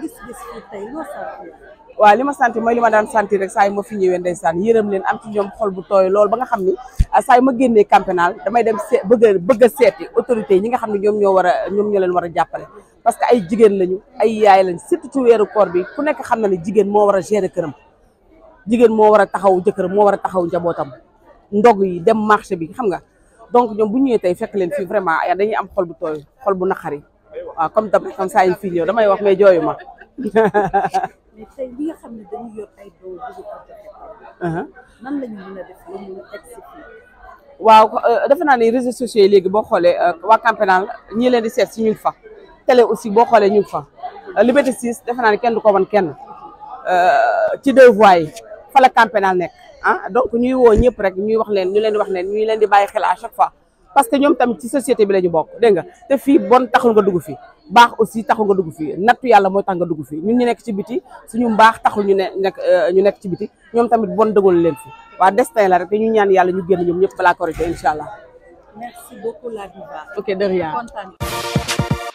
gis waaw li ma sant mooy li ma daan sant rek saa yi ma fi ñëwee ndeysaan yërëm leen am ci ñoom xol bu tooy lool ba nga xam ni saa yi ma génnee campénal damay dem see bëgg a bëgg autorité yi ñi nga xam ne ñoom ñoo war a ñoom ñoo leen war a jàppale. parce que ay jigéen lañu ay yaay lañ surtout ci weeru koor bi ku nekk xam na ne jigéen moo war a gérer këram jigéen moo war a taxaw jëkkëram moo war a taxaw njabootam ndog yi dem marché bi xam nga donc ñoom bu ñëwee tey fekk leen fii vraiment dañuy am xol bu tooy xol bu naqari waaw ah, comme dab rek comme ça une wax mais jooyu ma. Uh-huh. nan la ñu waaw euh, defe naa ni réseaux sociaux yi léegi boo xoolee euh, waa Camp Pénal ñii leen di seet si ñu fa. télé aussi boo xoolee ñu ngi fa. Euh, Liberté 6 defe naa ni kenn du ko wan kenn. ci deux voies yi fa la Camp Pénal nekk ah donc ñuy woo ñëpp rek ñuy wax leen ñu leen di wax leen ñu leen di bàyyi xel à chaque fois. parce que ñoom tamit ci société bi la ñu bokk dégg nga te fii bon taxul nga dugg fii baax aussi taxul nga dugg fii nattu yàlla mooy tax nga dugg fii ñun ñu nekk ci biti suñu mbaax taxul ñu ne nekk euh, ñu nekk ci biti ñoom tamit bon dëggoon leen fi waa destin la rek te ñu ñaan yàlla ñu génn ñoom ñëpp laa korité incha allah merci beaucoup